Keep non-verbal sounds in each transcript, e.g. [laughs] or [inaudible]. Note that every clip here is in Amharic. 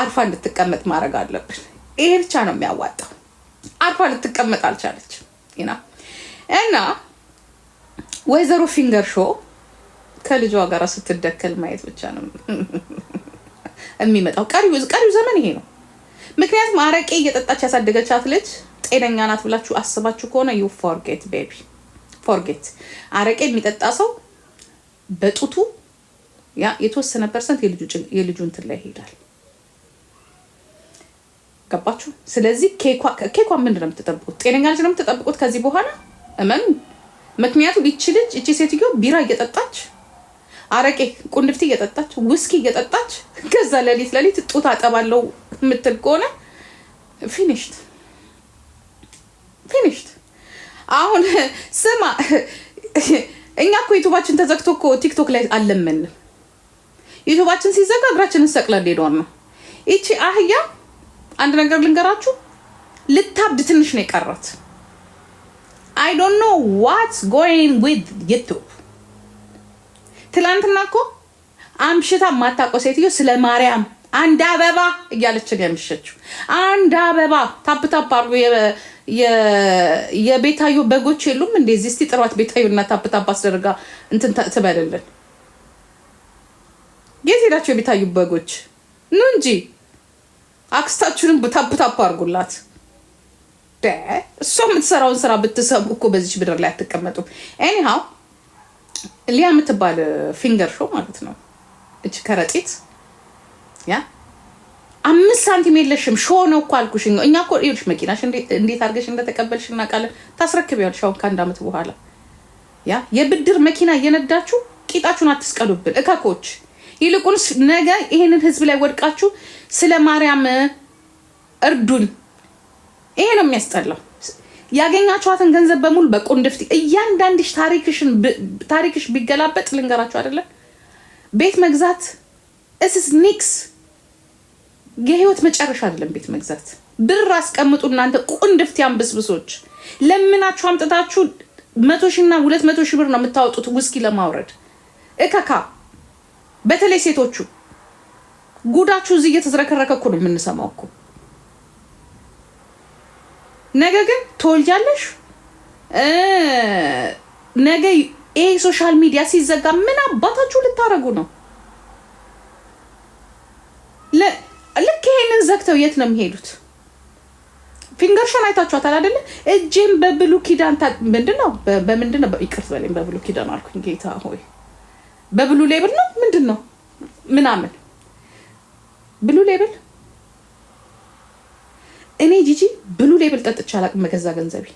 አርፋ እንድትቀመጥ ማድረግ አለብን። ይሄ ብቻ ነው የሚያዋጣው። አርፋ ልትቀመጥ አልቻለች እና ወይዘሮ ፊንገር ሾ ከልጇ ጋር ስትደከል ማየት ብቻ ነው [laughs] የሚመጣው። ቀሪው ዘመን ይሄ ነው። ምክንያቱም አረቄ እየጠጣች ያሳደገቻት ልጅ ጤነኛ ናት ብላችሁ አስባችሁ ከሆነ ዩ ፎርጌት ቤቢ ፎርጌት። አረቄ የሚጠጣ ሰው በጡቱ ያ የተወሰነ ፐርሰንት የልጁ እንትን ላይ ይሄዳል። ገባችሁ? ስለዚህ ኬኳ ምንድን ነው የምትጠብቁት? ጤነኛ ልጅ ነው የምትጠብቁት ከዚህ በኋላ እመኑ። ምክንያቱም ይቺ ልጅ እቺ ሴትዮ ቢራ እየጠጣች አረቄ ቁንድፍቲ እየጠጣች ውስኪ እየጠጣች ከዛ ለሊት ለሊት ጡት አጠባለው የምትል ከሆነ ፊኒሽት ፊኒሽት። አሁን ስማ፣ እኛ እኮ ዩቱባችን ተዘግቶ እኮ ቲክቶክ ላይ አልለመንም። ዩቱባችን ሲዘጋ እግራችን ሰቅለን ሄዷን ነው። ይቺ አህያ አንድ ነገር ልንገራችሁ፣ ልታብድ ትንሽ ነው የቀራት። አይ ዶንት ኖ ዋትስ ጎይንግ ዊዝ ዩቱብ። ትላንትና እኮ አምሽታ ማታቆ ሴትዮ ስለ ማርያም አንድ አበባ እያለች ነው ያምሸችው። አንድ አበባ ታፕ ታፕ የቤታዮ በጎች የሉም እንደዚህ። እስቲ ጥሯት ቤታዮ እና ታፕ አስደርጋ እንትን ትበልልን የት ሄዳቸው የሚታዩ በጎች ኑ እንጂ አክስታችሁንም ታፕታፕ አድርጉላት። እሷ የምትሰራውን ስራ ብትሰሙ እኮ በዚች ምድር ላይ አትቀመጡም። ኤኒሃው ሊያ የምትባል ፊንገር ሾ ማለት ነው እች ከረጢት ያ አምስት ሳንቲም የለሽም። ሾ ነው እኮ አልኩሽ። እኛ እኮ ይኸውልሽ መኪናሽ እንዴት አድርገሽ እንደተቀበልሽ እናውቃለን። ታስረክቢያለሽ አሁን ከአንድ አመት በኋላ ያ የብድር መኪና እየነዳችሁ ቂጣችሁን አትስቀዱብን እከኮች። ይልቁንስ ነገ ይሄንን ህዝብ ላይ ወድቃችሁ ስለ ማርያም እርዱን። ይሄ ነው የሚያስጠላው። ያገኛችኋትን ገንዘብ በሙሉ በቁንድፍቲ እያንዳንድሽ ታሪክሽ ቢገላበጥ ልንገራችሁ አይደለም ቤት መግዛት እስስ ኒክስ የህይወት መጨረሻ አይደለም ቤት መግዛት። ብር አስቀምጡ እናንተ ቁንድፍቲ አንብስብሶች፣ ለምናችሁ አምጥታችሁ መቶ ሺና ሁለት መቶ ሺ ብር ነው የምታወጡት ውስኪ ለማውረድ እከካ በተለይ ሴቶቹ ጉዳችሁ እዚህ እየተዝረከረከ እኮ ነው የምንሰማው እኮ። ነገ ግን ትወልጃለሽ። ነገ ይሄ ሶሻል ሚዲያ ሲዘጋ ምን አባታችሁ ልታረጉ ነው? ልክ ይሄንን ዘግተው የት ነው የሚሄዱት? ፊንገርሾን አይታችኋታል አይደለ? እጄም በብሉ ኪዳን ምንድን ነው በምንድን ነው ይቅርት በለኝ፣ በብሉ ኪዳን አልኩኝ ጌታ ሆይ፣ በብሉ ሌብል ነው ምንድን ነው ምናምን ብሉ ሌብል እኔ ጂጂ ብሉ ሌብል ጠጥቼ አላቅም በገዛ ገንዘቤ።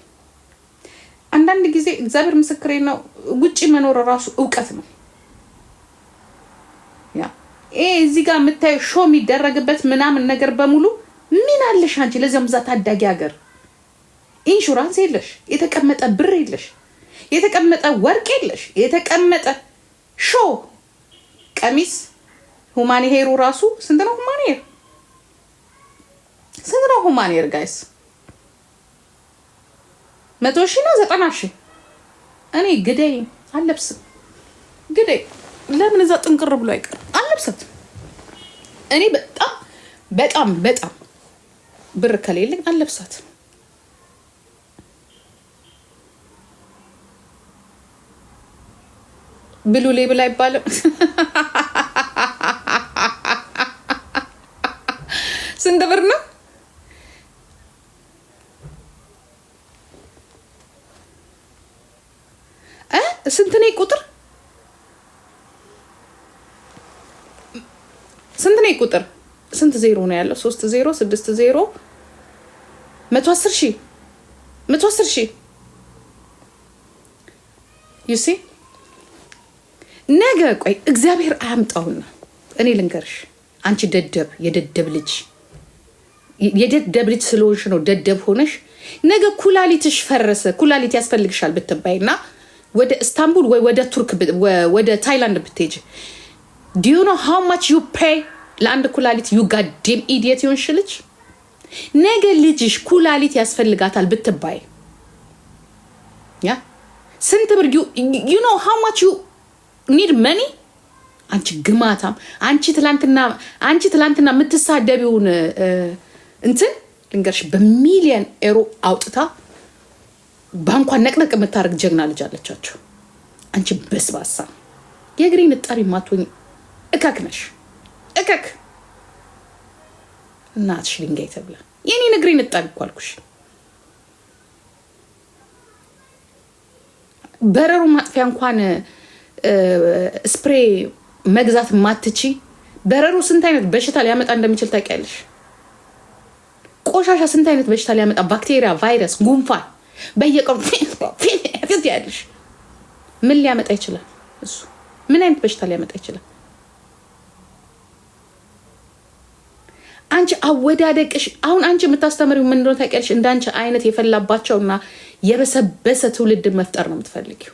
አንዳንድ ጊዜ እግዚአብሔር ምስክሬ ነው፣ ውጭ መኖር ራሱ እውቀት ነው። ይሄ እዚህ ጋር የምታየው ሾ የሚደረግበት ምናምን ነገር በሙሉ ምን አለሽ አንቺ? ለዚያም እዛ ታዳጊ ሀገር ኢንሹራንስ የለሽ፣ የተቀመጠ ብር የለሽ፣ የተቀመጠ ወርቅ የለሽ፣ የተቀመጠ ሾ ቀሚስ ሁማን ሄሩ ራሱ ስንት ነው? ሁማን ሄር ስንት ነው? ሁማን ሄር ጋይስ መቶ ሺ ነው ዘጠና ሺ እኔ ግደይ አለብስም። ግደይ ለምን እዛ ጥንቅር ብሎ አይቀር አለብሰት። እኔ በጣም በጣም በጣም ብር ከሌለኝ አለብሳት። ብሉ ሌብል አይባልም። ስንት ብር ነው? ስንት ነው ቁጥር? ስንት ነው ቁጥር? ስንት ዜሮ ነው ያለው? ሶስት ዜሮ ስድስት ዜሮ መቶ አስር ሺህ መቶ አስር ሺህ ዩሲ ነገ ቆይ እግዚአብሔር አያምጣውና እኔ ልንገርሽ፣ አንቺ ደደብ የደደብ ልጅ የደደብ ልጅ ስለሆንሽ ነው ደደብ ሆነሽ ነገ ኩላሊትሽ ፈረሰ፣ ኩላሊት ያስፈልግሻል ብትባይ እና ወደ እስታንቡል ወይ ወደ ቱርክ ወደ ታይላንድ ብትሄጅ ዲዩ ኖ ሃው ማች ዩ ፔይ ለአንድ ኩላሊት ዩ ጋዴም ኢዲየት የሆንሽ ልጅ። ነገ ልጅሽ ኩላሊት ያስፈልጋታል ብትባይ ያ ስንት ብር ዩ ኖ ሃው ማች ዩ ኒድ መኒ አንቺ ግማታም አንቺ ትላንትና አንቺ ትላንትና የምትሳደቢውን እንትን ልንገርሽ በሚሊየን ኤሮ አውጥታ ባንኳን ነቅነቅ የምታደርግ ጀግና ልጅ አለቻቸው። አንቺ በስባሳ የእግሬ ንጣሪ ማትሆኝ እከክ ነሽ እከክ እናትሽ ድንጋይ ተብላ የኔ እግሬ ንጣሪ እኮ አልኩሽ። ማጥፊያ እንኳን ስፕሬ መግዛት ማትቺ፣ በረሮ ስንት አይነት በሽታ ሊያመጣ እንደሚችል ታውቂያለሽ? ቆሻሻ ስንት አይነት በሽታ ሊያመጣ ባክቴሪያ፣ ቫይረስ፣ ጉንፋን በየቀኑ ፊት ያለሽ ምን ሊያመጣ ይችላል? እሱ ምን አይነት በሽታ ሊያመጣ ይችላል? አንቺ አወዳደቅሽ አሁን አንቺ የምታስተምሪው ነው ታውቂያለሽ? እንዳንቺ አይነት የፈላባቸውና የበሰበሰ ትውልድን መፍጠር ነው የምትፈልጊው።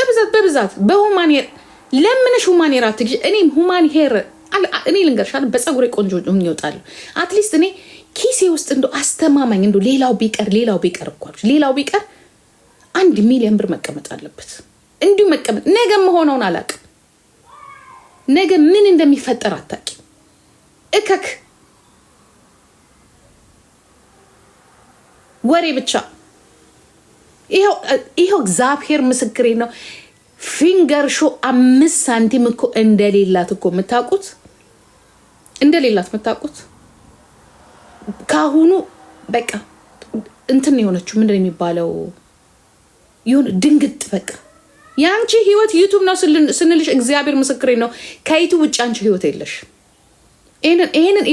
በብዛት በብዛት በሁማን ሄር ለምንሽ ሁማን ሄር አትግዢ። እኔም ሁማን ሄር እኔ ልንገርሻል፣ በፀጉሬ ቆንጆ ይወጣሉ። አትሊስት እኔ ኪሴ ውስጥ እንደ አስተማማኝ እንደ ሌላው ቢቀር ሌላው ቢቀር እኮ ሌላው ቢቀር አንድ ሚሊዮን ብር መቀመጥ አለበት። እንዲሁ መቀመጥ ነገ መሆነውን አላውቅም። ነገ ምን እንደሚፈጠር አታውቂም። እከክ ወሬ ብቻ ይኸው እግዚአብሔር ምስክሬ ነው። ፊንገር ሾ አምስት ሳንቲም እኮ እንደሌላት እኮ የምታውቁት እንደሌላት የምታውቁት ካሁኑ በቃ እንትን የሆነችው ምንድን የሚባለው? የሆነ ድንግጥ በቃ የአንቺ ህይወት ዩቱብ ነው ስንልሽ እግዚአብሔር ምስክሬ ነው። ከዩቱብ ውጭ አንቺ ህይወት የለሽ። ይህንን ይህንን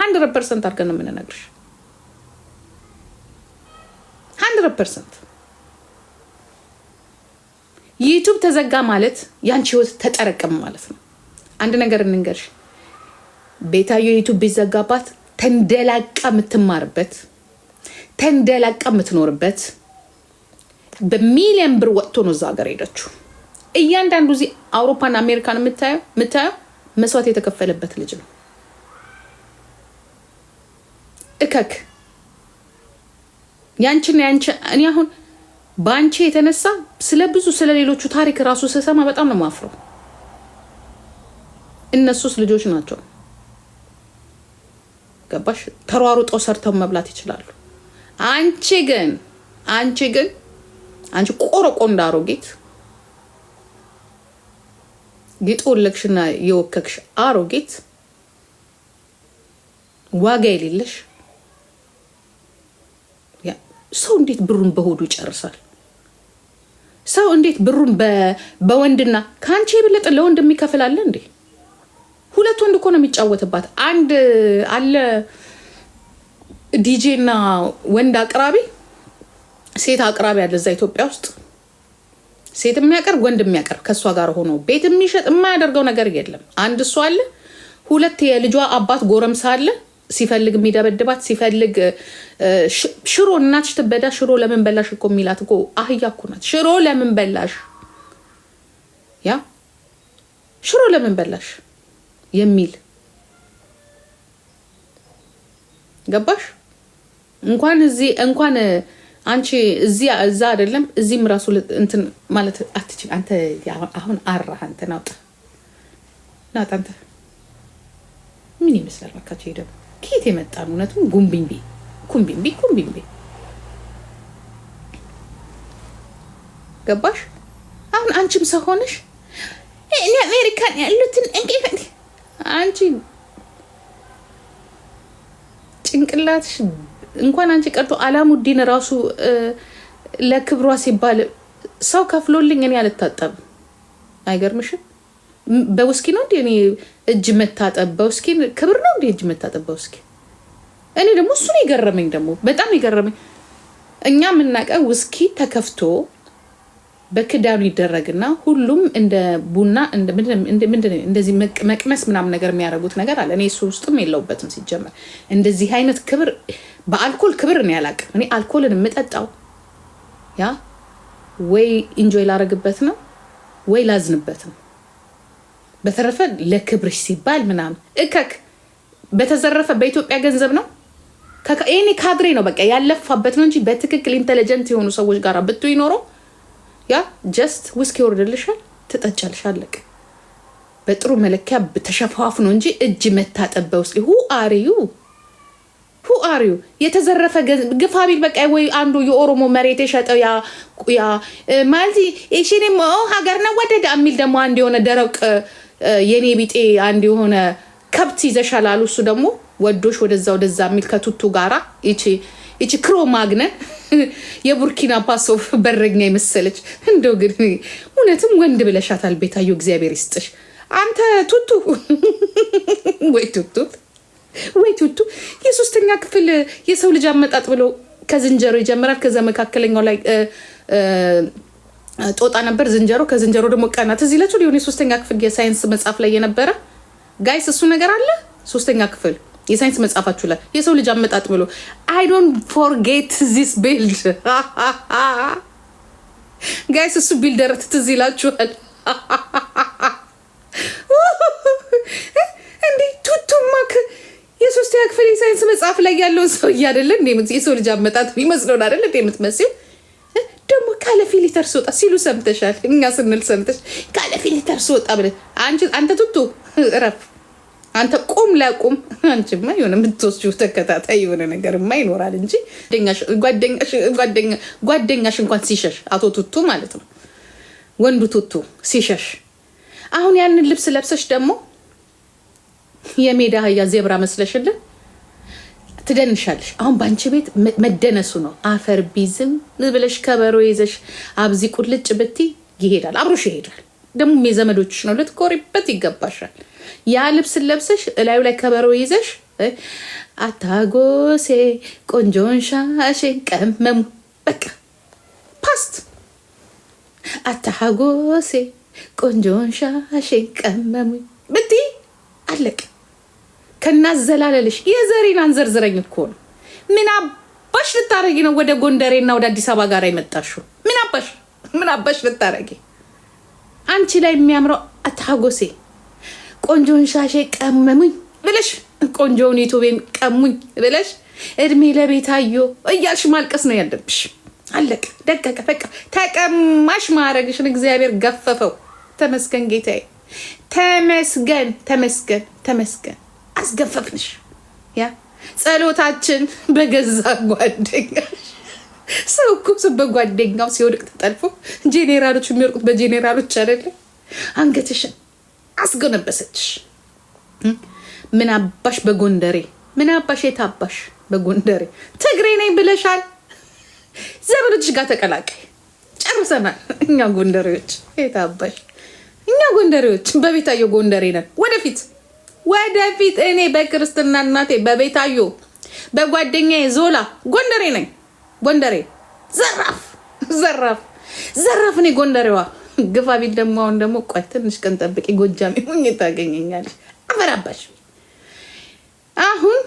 ሀንድረድ ፐርሰንት አድርገን ነው የምንነግርሽ። 100% ዩቱብ ተዘጋ ማለት ያንቺ ህይወት ተጠረቀም ማለት ነው። አንድ ነገር እንንገርሽ፣ ቤታዮ ዩቱብ ቢዘጋባት ተንደላቃ የምትማርበት ተንደላቃ የምትኖርበት በሚሊየን ብር ወጥቶ ነው እዛ ሀገር ሄደችው። እያንዳንዱ እዚህ አውሮፓና አሜሪካን የምታየው መስዋዕት የተከፈለበት ልጅ ነው። እከክ ያንቺን ያንቺ እኔ አሁን በአንቺ የተነሳ ስለ ብዙ ስለ ሌሎቹ ታሪክ ራሱ ስሰማ በጣም ነው ማፍረው። እነሱስ ልጆች ናቸው። ገባሽ? ተሯሩጠው ሰርተው መብላት ይችላሉ። አንቺ ግን አንቺ ግን አንቺ ቆረቆ እንዳሮጌት የጦለክሽና የወከክሽ አሮጌት ዋጋ የሌለሽ ሰው እንዴት ብሩን በሆዱ ይጨርሳል? ሰው እንዴት ብሩን በወንድና ከአንቺ የበለጠ ለወንድ የሚከፍል አለ እንዴ? ሁለት ወንድ እኮ ነው የሚጫወትባት። አንድ አለ ዲጄ እና ወንድ አቅራቢ፣ ሴት አቅራቢ አለ እዛ ኢትዮጵያ ውስጥ ሴት የሚያቀርብ ወንድ የሚያቀርብ ከእሷ ጋር ሆኖ ቤት የሚሸጥ የማያደርገው ነገር የለም። አንድ እሱ አለ። ሁለት የልጇ አባት ጎረምሳ አለ። ሲፈልግ የሚደበድባት ሲፈልግ ሽሮ እናትሽ ትበዳ ሽሮ ለምን በላሽ እኮ የሚላት እኮ አህያ እኮ ናት። ሽሮ ለምን በላሽ ያ ሽሮ ለምን በላሽ የሚል ገባሽ? እንኳን እዚህ እንኳን አንቺ እዚህ እዛ አይደለም እዚህም ራሱ እንትን ማለት አትችል። አንተ አሁን አራህ አንተ ናውጣ ናውጣ አንተ ምን ይመስላል መካቸው ደግሞ ከየት የመጣ ነው? እውነቱም ጉንቢንቢ ኩምቢንቢ ኩምቢንቢ ገባሽ? አሁን አንቺም ሰው ሆነሽ እኔ አሜሪካን ያሉትን እንቅልፍ አንቺ ጭንቅላትሽ እንኳን አንቺ ቀርቶ አላሙዲን ራሱ ለክብሯ ሲባል ሰው ከፍሎልኝ እኔ አልታጠብም። አይገርምሽም? በውስኪ ነው እንዲ እኔ እጅ መታጠብ? በውስኪ ክብር ነው እንዲ እጅ መታጠብ በውስኪ? እኔ ደግሞ እሱን የገረመኝ ደግሞ በጣም የገረመኝ እኛ የምናውቀው ውስኪ ተከፍቶ በክዳኑ ይደረግና ሁሉም እንደ ቡና እንደዚህ መቅመስ ምናምን ነገር የሚያደርጉት ነገር አለ። እኔ እሱ ውስጥም የለውበትም ሲጀመር። እንደዚህ አይነት ክብር በአልኮል ክብር ነው ያላቅም። እኔ አልኮልን የምጠጣው ያ ወይ ኢንጆይ ላረግበት ነው ወይ ላዝንበት ነው። በተረፈ ለክብርሽ ሲባል ምናምን እከክ በተዘረፈ በኢትዮጵያ ገንዘብ ነው። ይሄኔ ካድሬ ነው በቃ ያለፋበት ነው እንጂ በትክክል ኢንቴሊጀንት የሆኑ ሰዎች ጋር ብቱ ኖሮ ያ ጀስት ውስኪ ይወርድልሻል፣ ትጠጫልሽ፣ አለቀ። በጥሩ መለኪያ ተሸፋፍ ነው እንጂ እጅ መታጠበ ውስጥ ሁ አርዩ ሁ አርዩ የተዘረፈ ገንዘብ ግፋ ቢል በቃ ወይ አንዱ የኦሮሞ መሬት የሸጠው ያ ማለት ሽኔ ሀገርና ወደዳ የሚል ደግሞ አንድ የሆነ ደረቅ የኔ ቢጤ አንድ የሆነ ከብት ይዘሻላሉ። እሱ ደግሞ ወዶሽ ወደዛ ወደዛ የሚል ከቱቱ ጋራ ይቺ ክሮ ማግነ [laughs] የቡርኪና ፋሶ በረኛ የመሰለች እንደው ግን እውነትም ወንድ ብለሻታል ቤታዮ፣ እግዚአብሔር ይስጥሽ። አንተ ቱቱ [laughs] ወይ ቱቱ ወይ ቱቱ የሶስተኛ ክፍል የሰው ልጅ አመጣጥ ብሎ ከዝንጀሮ ይጀምራል። ከዛ መካከለኛው ላይ ጦጣ ነበር ዝንጀሮ። ከዝንጀሮ ደግሞ ቀናት እዚህ ለችው ሊሆን የሶስተኛ ክፍል የሳይንስ መጽሐፍ ላይ የነበረ ጋይስ፣ እሱ ነገር አለ ሶስተኛ ክፍል የሳይንስ መጽሐፋችሁ ላይ የሰው ልጅ አመጣጥ ብሎ አይ ዶንት ፎርጌት ዚስ ቢልድ ጋይስ፣ እሱ ቢልደር ትዝ ይላችኋል [laughs] እንዴ? ቱቱማክ የሶስተኛ ክፍል የሳይንስ መጽሐፍ ላይ ያለውን ሰውዬ አይደለ? የሰው ልጅ አመጣጥ የሚመስለውን አደለ የምትመስል ፊሊተር ስወጣ ሲሉ ሰምተሻል። እኛ ስንል ሰምተሽ ካለ ፊሊተር ስወጣ ብለን አንተ ቱቱ እረፍ። አንተ ቁም ላቁም። አንቺማ የሆነ የምትወስጂው ተከታታይ የሆነ ነገርማ ይኖራል እንጂ ጓደኛሽ እንኳን ሲሸሽ፣ አቶ ቱቱ ማለት ነው ወንዱ ቱቱ ሲሸሽ፣ አሁን ያንን ልብስ ለብሰሽ ደግሞ የሜዳ አህያ ዜብራ መስለሽልን ትደንሻለሽ። አሁን በአንቺ ቤት መደነሱ ነው። አፈር ቢዝም ብለሽ ከበሮ ይዘሽ አብዚ ቁልጭ ብቲ ይሄዳል፣ አብሮሽ ይሄዳል። ደግሞ የዘመዶችሽ ነው፣ ልትኮሪበት ይገባሻል። ያ ልብስ ለብሰሽ እላዩ ላይ ከበሮ ይዘሽ አታጎሴ ቆንጆን ሻሽን ቀመሙ በቃ ፓስት አታጎሴ ቆንጆን ሻሽን ቀመሙ ብቲ አለቅ ከናዘላለልሽ የዘሬን አንዘርዝረኝ እኮ ነው። ምን አባሽ ልታረጊ ነው ወደ ጎንደሬና ወደ አዲስ አበባ ጋር የመጣሽው? ምን አባሽ ምን አባሽ ልታረጊ? አንቺ ላይ የሚያምረው አታጎሴ ቆንጆን ሻሼ ቀመሙኝ ብለሽ ቆንጆውን ዩቱቤን ቀሙኝ ብለሽ እድሜ ለቤታዮ እያልሽ ማልቀስ ነው ያለብሽ። አለቀ ደቀቀ። በቃ ተቀማሽ ማረግሽን እግዚአብሔር ገፈፈው። ተመስገን ጌታዬ፣ ተመስገን፣ ተመስገን፣ ተመስገን። አስገፈፍንሽ። ያ ጸሎታችን በገዛ ጓደኛሽ ሰው እኮ በጓደኛው ሲወድቅ ተጠልፎ ጄኔራሎች የሚወድቁት በጄኔራሎች አይደለ? አንገትሽን አስገነበሰች ምን አባሽ በጎንደሬ ምን አባሽ የታባሽ በጎንደሬ ትግሬ ነኝ ብለሻል። ዘመዶችሽ ጋር ተቀላቀይ። ጨርሰናል። እኛ ጎንደሬዎች የታባሽ እኛ ጎንደሬዎች በቤታየው ጎንደሬ ነን ወደፊት ወደፊት እኔ በክርስትና እናቴ በቤታዮ በጓደኛዬ ዞላ ጎንደሬ ነኝ። ጎንደሬ ዘራፍ ዘራፍ ዘራፍ እኔ ጎንደሬዋ ግፋ ቢል ደግሞ አሁን ደግሞ ቆይ ትንሽ ቀን ጠብቂ፣ ጎጃሜ ሁኜ ታገኘኛለሽ። አበራባሽ አሁን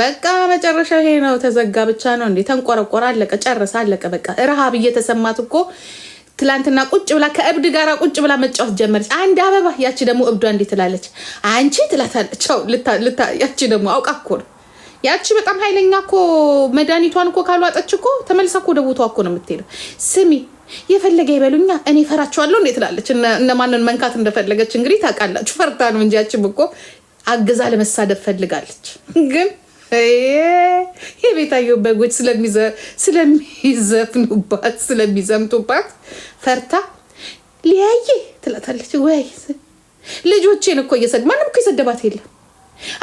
በቃ መጨረሻ ይሄ ነው። ተዘጋ ብቻ ነው እንዴ? ተንቆረቆረ፣ አለቀ፣ ጨረሰ፣ አለቀ። በቃ ረሃብ እየተሰማት እኮ ትላንትና ቁጭ ብላ ከእብድ ጋር ቁጭ ብላ መጫወት ጀመረች። አንድ አበባ ያቺ ደግሞ እብዷ እንዴት ትላለች አንቺ ትላታለች። ያቺ ደግሞ አውቃ እኮ ነው ያቺ በጣም ኃይለኛ እኮ መድኃኒቷን እኮ ካሏጠች እኮ ተመልሳ እኮ ወደ ቦታዋ እኮ ነው የምትሄደው። ስሚ የፈለገ ይበሉኛ እኔ ፈራችኋለሁ እንዴ ትላለች። እነማንን መንካት እንደፈለገች እንግዲህ ታውቃላችሁ። ፈርታ ነው እንጂ ያቺም እኮ አግዛ ለመሳደብ ፈልጋለች ግን የቤታየው በጎች ስለሚዘፍኑባት ስለሚዘምቱባት ፈርታ ሊያየ ትላታለች። ወይ ልጆቼን እኮ እየሰደ ማንም እኮ የሰደባት የለም።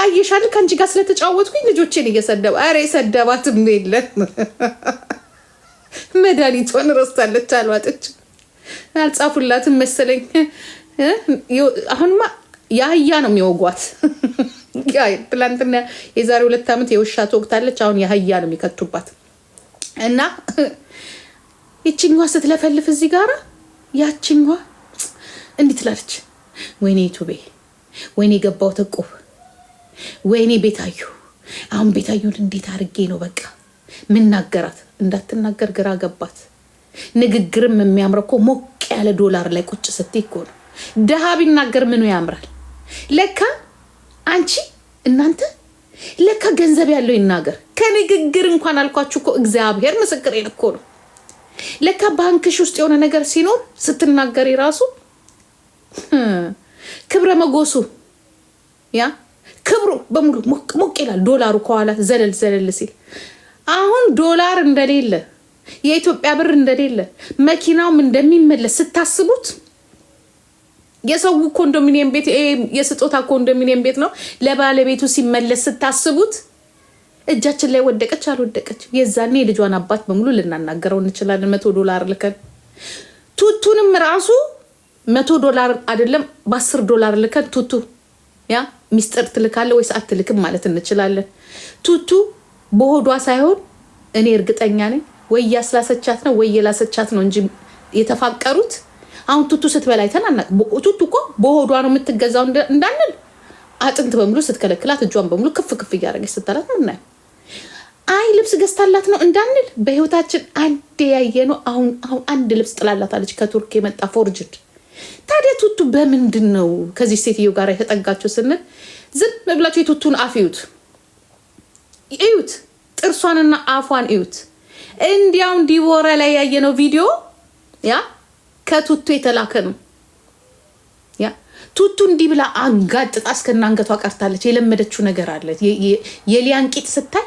አየሻል ከአንቺ ጋር ስለተጫወትኩኝ ልጆቼን እየሰደባ አረ የሰደባትም የለም። [laughs] መድኃኒቷን ረስታለች፣ አልዋጠች አልጻፉላትም መሰለኝ። አሁንማ የአህያ ነው የሚወጓት። [laughs] ትላንትና የዛሬ ሁለት ዓመት የውሻ ትወቅታለች። አሁን የአህያ ነው የሚከቱባት። እና ይችኛዋ ስትለፈልፍ እዚህ ጋራ ያችኛዋ እንዲህ ትላለች። ወይኔ ቱቤ፣ ወይኔ ገባው ተቆብ፣ ወይኔ ቤታዩ። አሁን ቤታዩን እንዴት አድርጌ ነው በቃ ምናገራት? እንዳትናገር ግራ ገባት። ንግግርም የሚያምረው እኮ ሞቅ ያለ ዶላር ላይ ቁጭ ስትይ እኮ ነው። ድሃ ቢናገር ምኑ ያምራል ለካ አንቺ እናንተ ለካ ገንዘብ ያለው ይናገር። ከንግግር እንኳን አልኳችሁ እኮ እግዚአብሔር ምስክር እኮ ነው። ለካ ባንክሽ ውስጥ የሆነ ነገር ሲኖር ስትናገሪ ራሱ ክብረ መጎሱ ያ ክብሩ በሙሉ ሞቅ ሞቅ ይላል። ዶላሩ ከኋላ ዘለል ዘለል ሲል አሁን ዶላር እንደሌለ የኢትዮጵያ ብር እንደሌለ መኪናውም እንደሚመለስ ስታስቡት የሰው ኮንዶሚኒየም ቤት የስጦታ ኮንዶሚኒየም ቤት ነው። ለባለቤቱ ሲመለስ ስታስቡት እጃችን ላይ ወደቀች አልወደቀች፣ የዛኔ የልጇን አባት በሙሉ ልናናገረው እንችላለን። መቶ ዶላር ልከን ቱቱንም ራሱ መቶ ዶላር አይደለም በአስር ዶላር ልከን ቱቱ ያ ሚስጥር ትልካለ ወይስ አትልክም ማለት እንችላለን። ቱቱ በሆዷ ሳይሆን እኔ እርግጠኛ ነኝ ወይ ያስላሰቻት ነው ወይ የላሰቻት ነው እንጂ የተፋቀሩት አሁን ቱቱ ስትበላይ ተናናቅ ቱቱ እኮ በሆዷ ነው የምትገዛው እንዳንል አጥንት በሙሉ ስትከለክላት እጇን በሙሉ ክፍ ክፍ እያደረገች ስታላት ነው እናየው። አይ ልብስ ገዝታላት ነው እንዳንል በህይወታችን አንዴ ያየ ነው። አሁን አሁን አንድ ልብስ ጥላላታለች ከቱርክ የመጣ ፎርጅድ። ታዲያ ቱቱ በምንድን ነው ከዚህ ሴትዮ ጋር የተጠጋቸው ስንል ዝም ብላቸው የቱቱን አፍ ይዩት እዩት፣ ጥርሷንና አፏን እዩት። እንዲያውም ዲቦራ ላይ ያየነው ቪዲዮ ያ ከቱቱ የተላከ ነው። ያ ቱቱ እንዲህ ብላ አንጋጥጣ እስከናንገቷ ቀርታለች። የለመደችው ነገር አለ። የሊያን ቂጥ ስታይ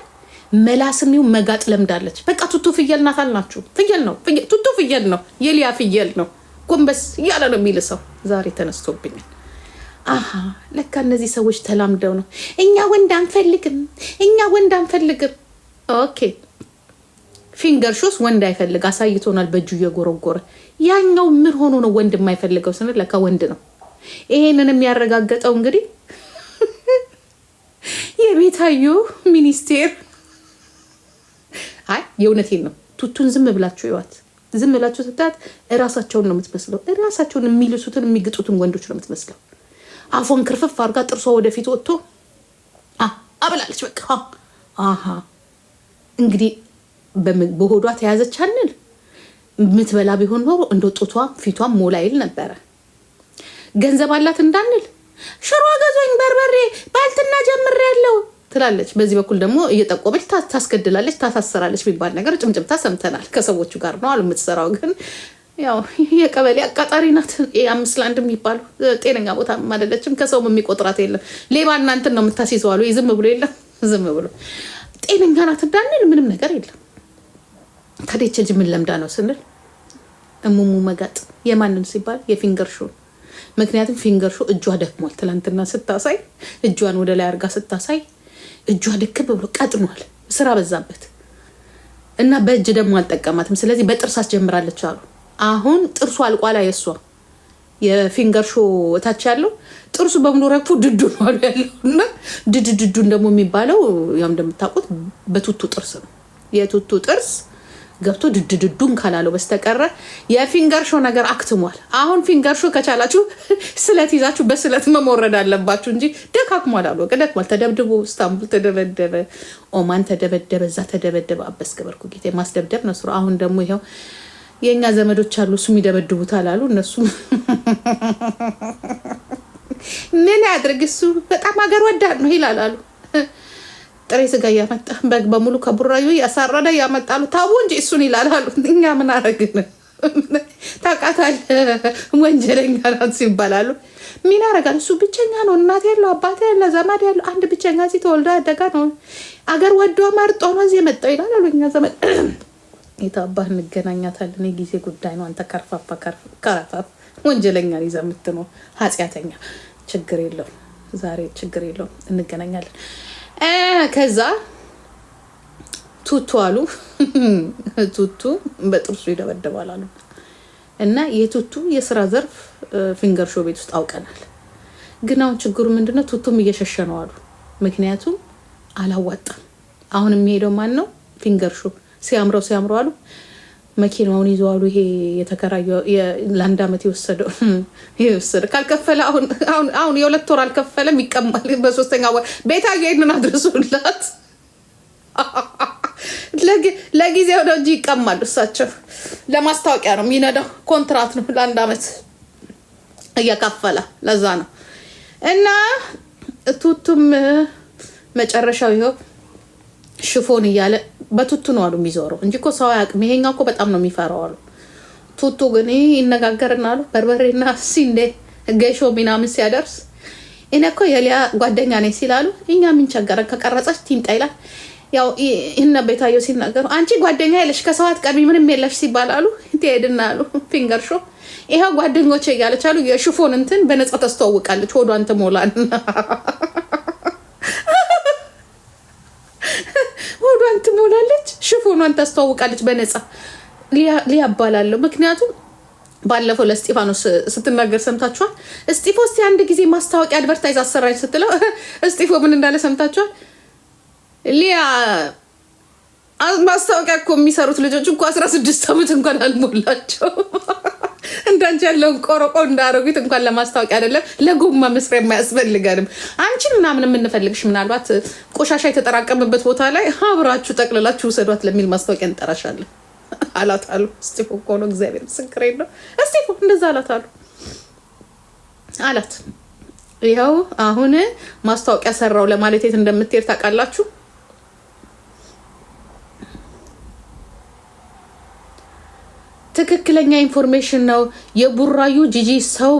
መላስሚው መጋጥ ለምዳለች። በቃ ቱቱ ፍየል ናት አልናችሁ። ፍየል ነው ቱቱ፣ ፍየል ነው የሊያ ፍየል ነው። ጎንበስ እያለ ነው የሚል ሰው ዛሬ ተነስቶብኛል። አሀ ለካ እነዚህ ሰዎች ተላምደው ነው። እኛ ወንድ አንፈልግም፣ እኛ ወንድ አንፈልግም። ኦኬ ፊንገር ሾስ ወንድ አይፈልግ አሳይቶናል፣ በእጁ እየጎረጎረ ያኛው ምን ሆኖ ነው ወንድ የማይፈልገው ስንል ለካ ወንድ ነው። ይሄንን የሚያረጋገጠው እንግዲህ [laughs] የቤታዩ ሚኒስቴር። አይ የእውነቴን ነው። ቱቱን ዝም ብላችሁ ይዋት። ዝም ብላችሁ ስታት እራሳቸውን ነው የምትመስለው። እራሳቸውን የሚልሱትን የሚግጡትን ወንዶች ነው የምትመስለው። አፏን ክርፍፍ አድርጋ ጥርሷ ወደፊት ወጥቶ አብላለች። በቃ እንግዲህ በሆዷ ተያዘች አንል የምትበላ ቢሆን ኖሮ እንደ ጡቷ ፊቷም ሞላ ይል ነበረ። ገንዘብ አላት እንዳንል ሽሮ ገዞኝ በርበሬ ባልትና ጀምር ያለው ትላለች። በዚህ በኩል ደግሞ እየጠቆመች ታስገድላለች፣ ታሳስራለች የሚባል ነገር ጭምጭምታ ሰምተናል። ከሰዎቹ ጋር ነው አሉ የምትሰራው። ግን ያው የቀበሌ አቃጣሪ ናት። አምስት ለአንድ የሚባሉ ጤነኛ ቦታ አይደለችም። ከሰውም የሚቆጥራት የለም። ሌባ እናንትን ነው የምታስይዘዋሉ። ዝም ብሎ የለም ዝም ብሎ ጤነኛ ናት እንዳንል ምንም ነገር የለም። ታዲያ ይች ልጅ ምን ለምዳ ነው ስንል እሙሙ መጋጥ የማንን ሲባል የፊንገር ሾን ምክንያቱም ፊንገር ሾ እጇ ደክሟል። ትላንትና ስታሳይ እጇን ወደ ላይ አርጋ ስታሳይ እጇ ድክም ብሎ ቀጥኗል። ስራ በዛበት እና በእጅ ደግሞ አልጠቀማትም። ስለዚህ በጥርስ አስጀምራለች አሉ። አሁን ጥርሱ አልቋላ የእሷ የፊንገር ሾ እታች ያለው ጥርሱ በሙሉ ረግፎ ድዱ ነው አሉ ያለው እና ድድ ድዱን ደግሞ የሚባለው ያው እንደምታውቁት በቱቱ ጥርስ ነው የቱቱ ጥርስ ገብቶ ድድድዱን ካላለው በስተቀረ የፊንገርሾ ነገር አክትሟል። አሁን ፊንገርሾ ከቻላችሁ [laughs] ስለት ይዛችሁ በስለት መሞረድ አለባችሁ እንጂ ደካክሟል አሉ ቅደክሟል። ተደብድቦ እስታንቡል ተደበደበ፣ ኦማን ተደበደበ፣ እዛ ተደበደበ። አበስ ገበርኩ ጌታ ማስደብደብ ነው ስሩ። አሁን ደግሞ ይኸው የእኛ ዘመዶች አሉ እሱም ይደበድቡታል አሉ እነሱም [laughs] ምን ያድርግ እሱ በጣም ሀገር ወዳድ ነው ይላል አሉ ጥሬ ስጋ እያመጣ በግ በሙሉ ከቡራዩ እያሳረደ ያመጣሉ። ታቦ እንጂ እሱን ይላል አሉ። እኛ ምን አረግን? ታውቃታለህ፣ ወንጀለኛ ናት ይባላሉ። ምን ያደርጋል? እሱ ብቸኛ ነው። እናት ያለው አባት ያለ ዘመድ ያለው አንድ ብቸኛ ሲ ተወልዶ ያደጋ ነው። አገር ወዶ መርጦ ነው እዚህ የመጣው ይላል አሉ። እኛ ዘመድ [clears throat] የታባህ እንገናኛታለን። የጊዜ ጉዳይ ነው። አንተ ከርፋፋ ከረፋፍ ወንጀለኛ ይዘህ የምትኖር ኃጢአተኛ፣ ችግር የለው ዛሬ ችግር የለው እንገናኛለን ከዛ ቱቱ አሉ። [laughs] ቱቱ በጥርሱ ይደበደባል አሉ እና የቱቱ የስራ ዘርፍ ፊንገር ሾ ቤት ውስጥ አውቀናል። ግን አሁን ችግሩ ምንድነው? ቱቱም እየሸሸ ነው አሉ። ምክንያቱም አላዋጣም። አሁን የሚሄደው ማን ነው? ፊንገር ሾ ሲያምረው ሲያምረው አሉ መኪናውን ይዞ አሉ ይሄ የተከራየው ለአንድ ዓመት የወሰደው [laughs] ካልከፈለ አሁን የሁለት ወር አልከፈለም ይቀማል። በሶስተኛ ወር ቤታዬ ይሄንን አድርሱላት። ለጊዜው ነው እንጂ ይቀማል። እሳቸው ለማስታወቂያ ነው የሚነዳው፣ ኮንትራት ነው ለአንድ ዓመት እየከፈለ ለዛ ነው እና ቱቱም መጨረሻው ይኸው ሽፎን እያለ በቱቱ ነው አሉ የሚዞረው እንጂ እኮ ሰው አያውቅም። ይሄኛው እኮ በጣም ነው የሚፈራው አሉ። ቱቱ ግን ይነጋገርና አሉ በርበሬና ሲንዴ ገሾ ምናምን ሲያደርስ እኔ እኮ የሊያ ጓደኛ ነኝ ሲላሉ እኛ ምን ቸገረን ከቀረጸች ቲምጣ ይላል። ያው ይህነ ቤታየው ሲናገሩ አንቺ ጓደኛ የለሽ ከሰዋት ቀድሚ ምንም የለሽ ሲባል አሉ ትሄድና አሉ ፊንገር ሾ ይኸው ጓደኞቼ እያለች አሉ የሽፎን እንትን በነፃ ተስተዋውቃለች ሆዷን ትሞላና ትሞላለች፣ ሽፎኗን ታስተዋውቃለች በነፃ ሊያባላለሁ። ምክንያቱም ባለፈው ለእስጢፋኖስ ስትናገር ሰምታችኋል። እስጢፎ እስቲ አንድ ጊዜ ማስታወቂያ አድቨርታይዝ አሰራጅ ስትለው [laughs] እስጢፎ ምን እንዳለ ሰምታችኋል። ሊያ ማስታወቂያ እኮ የሚሰሩት ልጆች እኮ አስራ ስድስት ዓመት እንኳን አልሞላቸው [laughs] እንዳንቺ ያለውን ቆረቆ እንዳረጉት እንኳን ለማስታወቂያ አይደለም ለጎማ መስሪያ የማያስፈልገንም። አንቺን ምናምን የምንፈልግሽ ምናልባት ቆሻሻ የተጠራቀመበት ቦታ ላይ ሀብራችሁ ጠቅልላችሁ ውሰዷት ለሚል ማስታወቂያ እንጠራሻለን አላት አሉ። እስጢፎ እኮ ነው እግዚአብሔር ምስክሬ ነው። እስጢፎ እንደዛ አላት አሉ አላት። ይኸው አሁን ማስታወቂያ ሰራው ለማለት የት እንደምትሄድ ታውቃላችሁ። ትክክለኛ ኢንፎርሜሽን ነው። የቡራዩ ጂጂ ሰው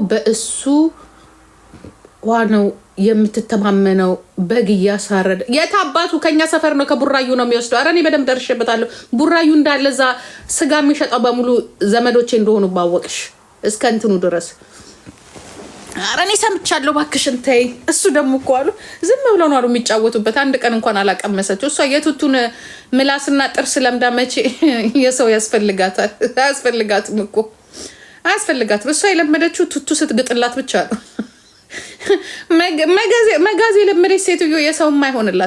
ዋ ነው የምትተማመነው። በግ እያሳረደ የት አባቱ ከኛ ሰፈር ነው ከቡራዩ ነው የሚወስደው። ኧረ እኔ በደንብ ደርሼበታለሁ። ቡራዩ እንዳለ እዛ ስጋ የሚሸጠው በሙሉ ዘመዶቼ እንደሆኑ ባወቅሽ እስከ እንትኑ ድረስ ኧረ እኔ ሰምቻለሁ እባክሽን ተይ። እሱ ደግሞ እኮ አሉ ዝም ብለው ነው አሉ የሚጫወቱበት። አንድ ቀን እንኳን አላቀመሰችው እሷ የቱቱን ምላስና ጥርስ ለምዳ መቼ [laughs] የሰው ያስፈልጋታል? አያስፈልጋትም እኮ አያስፈልጋትም። እሷ የለመደችው ቱቱ ስትግጥላት ብቻ ነው። [laughs] መጋዝ የለመደች ሴትዮ የሰው የማይሆንላት